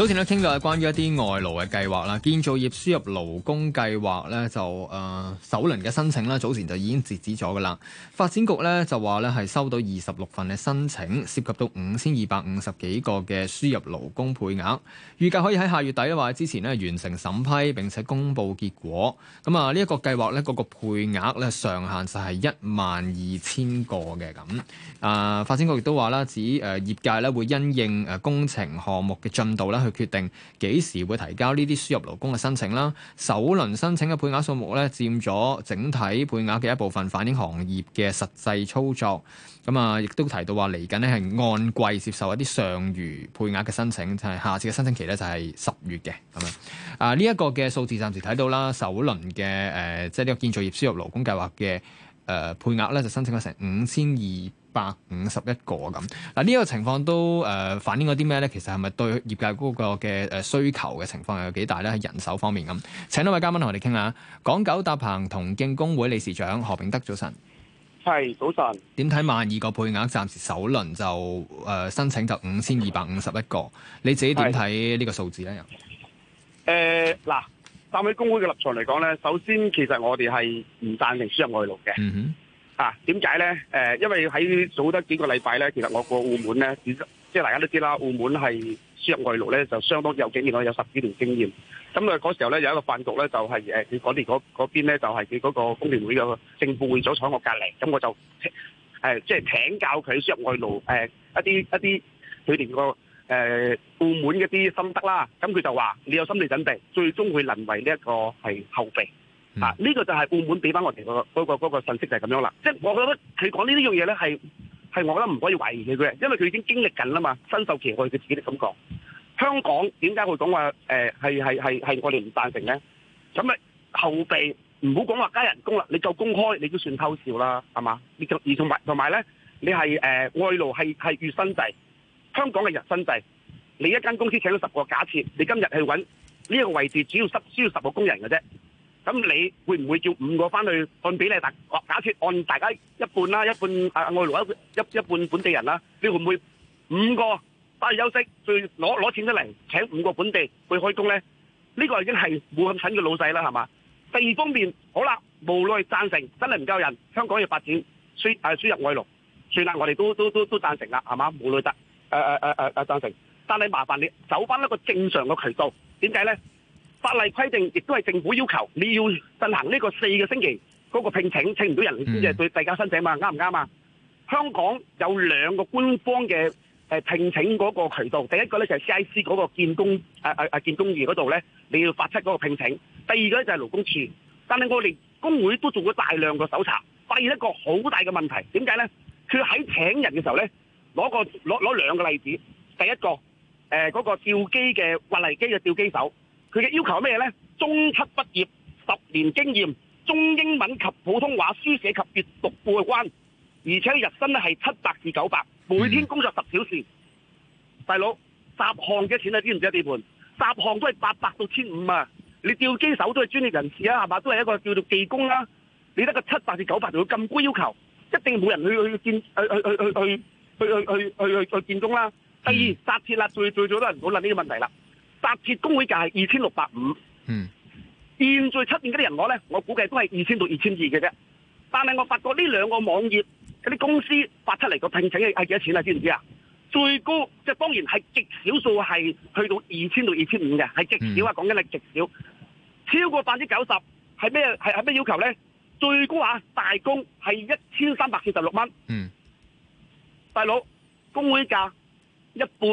早前咧傾到係關於一啲外勞嘅計劃啦，建造業輸入勞工計劃咧就誒、呃、首輪嘅申請呢，早前就已經截止咗噶啦。發展局咧就話咧係收到二十六份嘅申請，涉及到五千二百五十幾個嘅輸入勞工配額，預計可以喺下月底或者之前呢完成審批並且公布結果。咁啊呢一個計劃咧嗰個配額咧上限就係一萬二千個嘅咁。啊、呃、發展局亦都話啦，指誒、呃、業界咧會因應誒工程項目嘅進度咧去，決定幾時會提交呢啲輸入勞工嘅申請啦，首輪申請嘅配額數目咧，佔咗整體配額嘅一部分，反映行業嘅實際操作。咁啊，亦都提到話嚟緊咧係按季接受一啲上餘配額嘅申請，就係下次嘅申請期咧就係十月嘅咁樣。啊，呢一個嘅數字暫時睇到啦，首輪嘅誒，即係呢個建造業輸入勞工計劃嘅誒配額咧，就申請咗成五千二百五十一個咁嗱，呢、啊呢個情況都、呃、反映咗啲咩呢？其實係咪對業界嗰個嘅需求嘅情況有幾大呢？係人手方面咁，請一位嘉賓同我哋傾下。港九搭棚同敬工會理事長何炳德，早晨，係早晨。點睇萬二個配額暫時首輪就、呃、申請就五千二百五十一個？你自己點睇呢個數字呢？誒嗱的，站喺工會嘅立場嚟講呢，首先其實我哋係唔贊成輸入外勞嘅。嗯哼。啊，點解咧？因為喺早得幾個禮拜咧，其實我過澳門咧，只即大家都知啦，澳門係輸入外勞咧，就相當有經驗，有十幾年經驗。咁啊，嗰時候咧有一個飯局咧，就係誒佢嗰邊嗰咧，就係佢嗰個工聯會嘅政府會長坐我隔離，咁我就誒即係請教佢輸入外勞、呃、一啲一啲佢哋個誒澳、呃、門的一啲心得啦。咁佢就話你有心理準備最終會淪為呢一個係後備。啊！呢、嗯、個就係澳門俾翻我哋，那個嗰，那個嗰信，那個、息就係咁樣啦。即我覺得佢講呢啲樣嘢咧，係係我覺得唔可以懷疑佢嘅，因為佢已經經歷緊啦嘛，身受其害佢自己的感覺。香港點解佢講話誒係係係我哋唔贊成咧？咁啊後備唔好講話加人工啦，你夠公開你都算偷笑啦，係嘛？你而同埋同埋咧，你係誒外勞係係月薪制，香港嘅日薪制，你一間公司請咗十個，假設你今日去揾呢一個位置，主要十需要十個工人嘅啫。咁你會唔會叫五個翻去按比例，假設按大家一半啦，一半、啊、外勞一半一半本地人啦，你會唔會五個翻去休息，再攞攞錢出嚟請五個本地去開工咧？呢、呢個已經係冇咁蠢嘅老細啦，係嘛？第二方面，好啦，無奈贊成，真係唔夠人，香港要發展輸誒輸入外勞，算啦，我哋都都都都贊成啦，係嘛？無論得誒誒誒誒誒贊成，但你麻煩你走翻一個正常嘅渠道，點解咧？法例規定亦都係政府要求，你要進行呢個四個星期嗰個聘請，請唔到人先至對遞交申請嘛？啱唔啱啊？香港有兩個官方嘅誒聘請嗰個渠道，第一個咧就係 CIC 嗰個建工啊啊啊建工業嗰度咧，你要發出嗰個聘請；第二個咧就係勞工處。但係我哋工會都做咗大量嘅搜查，發現一個好大嘅問題。點解咧？佢喺請人嘅時候咧，攞個攞攞兩個例子。第一個誒嗰個吊機嘅挖泥機嘅吊機手。佢嘅要求係咩咧？中七畢業、十年經驗、中英文及普通話書寫及閲讀過關，而且日薪咧係七百至九百，每天工作十小時。大佬，雜行嘅錢啊，知唔知啲地盤？雜行都係八百到千五啊！你吊機手都係專業人士啊，係嘛？都係一個叫做技工啦、啊。你得個七百至九百，仲要咁高要求，一定冇人去去建去去去去去去去去去建工啦。第二，紮鐵啦，最最早都係唔好諗呢個問題啦。八折工會價係二千六百五，嗯，現在出面嗰啲人攞咧，我估計都係二千到二千二嘅啫。但係我發覺呢兩個網頁嗰啲公司發出嚟個聘請係係幾多錢啊？知唔知啊？最高即係當然係極少數係去到二千到二千五嘅，係極少啊！講緊係極少，少嗯、超過百分之九十係咩？係係咩要求咧？最高啊大工係一千三百四十六蚊，嗯，大佬工會價一半，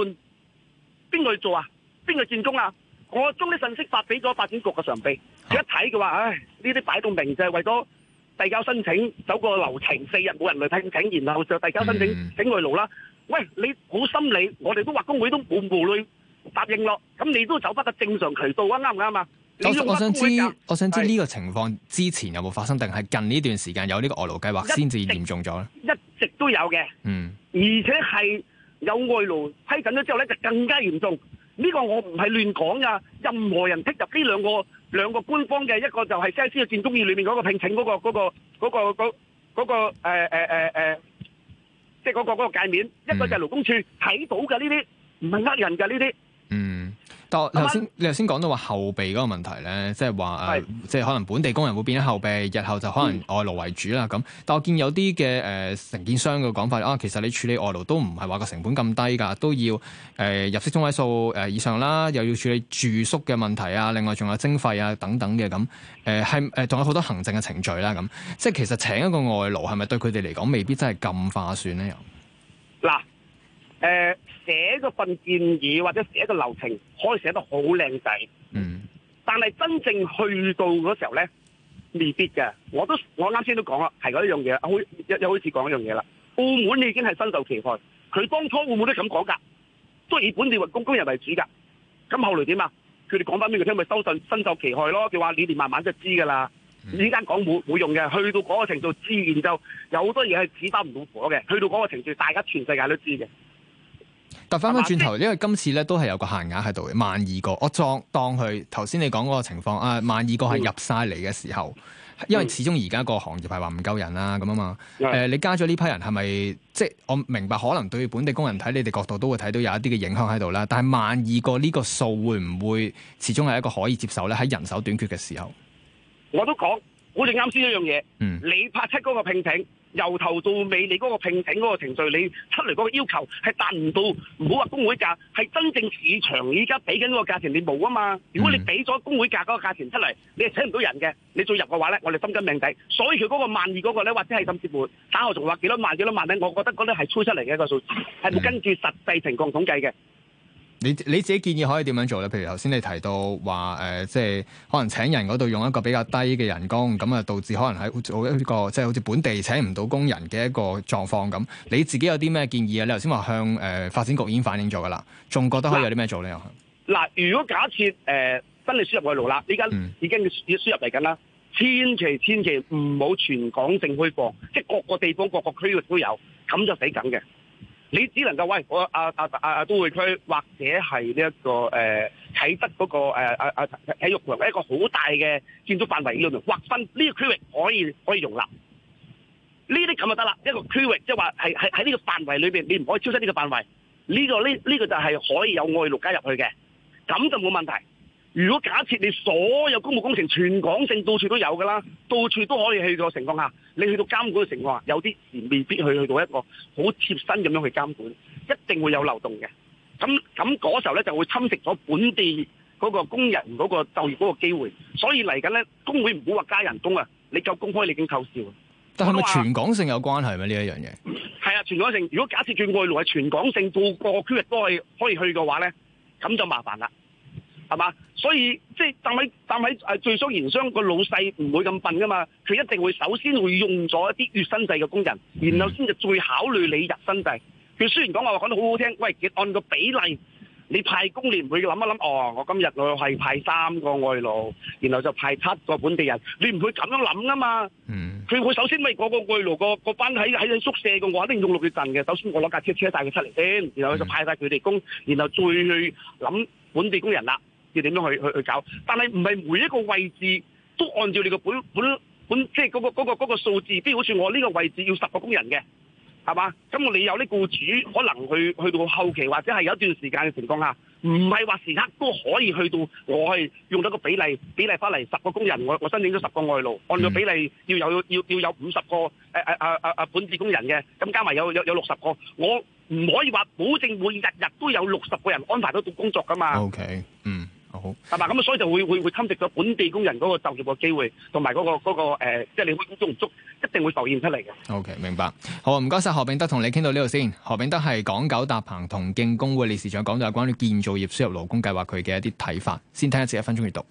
邊個去做啊？邊個轉中啊？我將啲信息發俾咗發展局嘅常秘，佢一睇嘅話，唉呢啲擺到明就係為咗遞交申請，走個流程四日冇人嚟聘請，然後就遞交申請，嗯、請外勞啦。喂，你好心理，我哋都話工會都會無無奈答應咯。咁你都走返個正常渠道，啊，啱唔啱啊？我想知，我想知呢個情況之前有冇發生，定係是近呢段時間有呢個外勞計劃先至嚴重咗咧？一直都有嘅，嗯，而且係有外勞批准咗之後咧，就更加嚴重。呢個我唔係亂講㗎，任何人剔入呢兩個兩個官方嘅一個就係 CIC 嘅戰中意裏面嗰、嗰個聘請，嗰、嗰個嗰、嗰個嗰誒誒誒，嗰個、嗰個呃呃呃、即係、嗰、嗰個嗰、嗰個界面，嗯、一個就係勞工處睇到嘅呢啲，唔係呃人嘅呢啲。但頭先你頭先講到話後備嗰個問題咧、就是是呃，即係話誒，即係可能本地工人會變咗後備，日後就可能外勞為主啦咁。嗯、但我見有啲嘅誒承建商嘅講法啊，其實你處理外勞都唔係話個成本咁低㗎，都要誒、呃、入息中位數誒以上啦、呃，又要處理住宿嘅問題啊，另外仲有徵費啊等等嘅咁誒，係誒仲有好多行政嘅程序啦咁、啊。即係其實請一個外勞係咪對佢哋嚟講未必真係咁划算咧？又嗱。誒，寫嗰、呃、份建議或者寫個流程，可以寫得好靚仔。嗯、mm。Hmm. 但係真正去到嗰時候咧，未必嘅。我都我啱先都講啦，係嗰一樣嘢，又又好似講一樣嘢啦。澳門你已經係深受其害。佢當初澳門都咁講噶，都以本地為工工人為主噶。咁後來點啊？佢哋講翻俾佢聽，咪收信深受其害咯。佢話你哋慢慢就知噶啦。依家講冇冇用嘅，去到嗰個程度自然就有好多嘢係紙包唔到火嘅。去到嗰個程度，大家全世界都知嘅。但翻翻轉頭，嗎因為今次咧都係有個限額喺度嘅，萬二個。我當佢頭先你講嗰個情況，啊萬二個係入晒嚟嘅時候，嗯、因為始終而家個行業係話唔夠人啦咁啊嘛，呃。你加咗呢批人係咪，即係我明白，可能對本地工人睇你哋角度都會睇到有一啲嘅影響喺度啦。但萬二個呢個數會唔會始終係一個可以接受咧？喺人手短缺嘅時候，我都講，我哋啱先一樣嘢，嗯，你拍出嗰個聘請，由頭到尾，你嗰個聘請嗰個程序，你出嚟嗰個要求係達唔到，唔好話工會價，係真正市場依家俾緊嗰個價錢，你冇啊嘛！如果你俾咗工會價嗰個價錢出嚟，你係請唔到人嘅。你再入嘅話咧，我哋心甘命抵。所以佢嗰個萬二嗰個咧，或者係甚至乎打後仲話幾多萬幾多萬咧？我覺得嗰啲係吹出嚟嘅一個數字，係唔跟住實際情況統計嘅。你你自己建議可以點樣做咧？譬如頭先你提到話誒、呃，即係可能請人嗰度用一個比較低嘅人工，咁啊導致可能喺做一個即係好似本地請唔到工人嘅一個狀況咁。你自己有啲咩建議啊？你頭先話向誒、呃、發展局已經反映咗噶啦，仲覺得可以有啲咩做咧？又嗱，如果假設誒新嘅輸入外勞啦，依家已經輸入嚟緊啦，嗯、千祈千祈唔好全港性開放，即係各個地方各個區都有，咁就死梗嘅。你只能夠喂我阿阿阿阿都會區，或者係呢、這個呃那個呃啊、一個誒啟德嗰個誒阿阿體育場一個好大嘅建築範圍裏面劃分呢個區域可以可以容納呢啲，咁就得啦。一個區域即係話係喺喺呢個範圍裏面，你唔可以超出呢個範圍。呢、這個呢、這個就係可以有外勞加入去嘅，咁就冇問題。如果假設你所有公務工程全港性到處都有㗎啦，到處都可以去嘅情況下，你去到監管嘅情況下，有啲未必去去到一個好貼身咁樣去監管，一定會有漏洞嘅。咁咁嗰時候咧就會侵蝕咗本地嗰個工人嗰個就業嗰個機會。所以嚟緊咧，工會唔好話加人工啊，你夠公開你已經夠少。但係咪全港性有關係咩？呢一樣嘢係啊，全港性。如果假設轉外勞係全港性到各區域都可以，可以去嘅話咧，咁就麻煩啦。係嘛？所以即係站喺站最少營商個老細唔會咁笨㗎嘛，佢一定會首先會用咗一啲月薪制嘅工人，然後先至再考慮你日薪制。佢雖然講話講得好好聽，喂，按個比例你派工你唔會諗一諗，哦，我今日我係派三個外勞，然後就派七個本地人，你唔會咁樣諗啊嘛。嗯，佢會首先咪嗰個外勞個班喺喺宿舍嘅，我一定用六月份嘅。首先我攞架車車帶佢出嚟先，然後就派晒佢哋工，然後再去諗本地工人啦。點樣去去去搞？但係唔係每一個位置都按照你個本本本，即係嗰個嗰個嗰個數字。比如好似我呢個位置要十個工人嘅，係嘛？咁你有呢僱主，可能去去到後期或者係有一段時間嘅情況下，唔係話時刻都可以去到我係用咗個比例比例翻嚟十個工人，我我申請咗十個外勞，按照比例要有要要有五十個誒誒誒誒本地工人嘅，咁加埋有有有六十個，我唔可以話保證會日日都有六十個人安排到到工作噶嘛？OK，嗯。 哦、好，嗱咁 所以就會會會侵蝕咗本地工人嗰個就業嘅機會，同埋嗰個、那個誒、呃，即係你開工足唔足，一定會浮現出嚟嘅。OK，明白。好啊，唔該晒何炳德，同你傾到呢度先。何炳德係港九搭棚同敬工會理事長，講到有關於建造業輸入勞工計劃佢嘅一啲睇法，先聽一次一分鐘閱讀。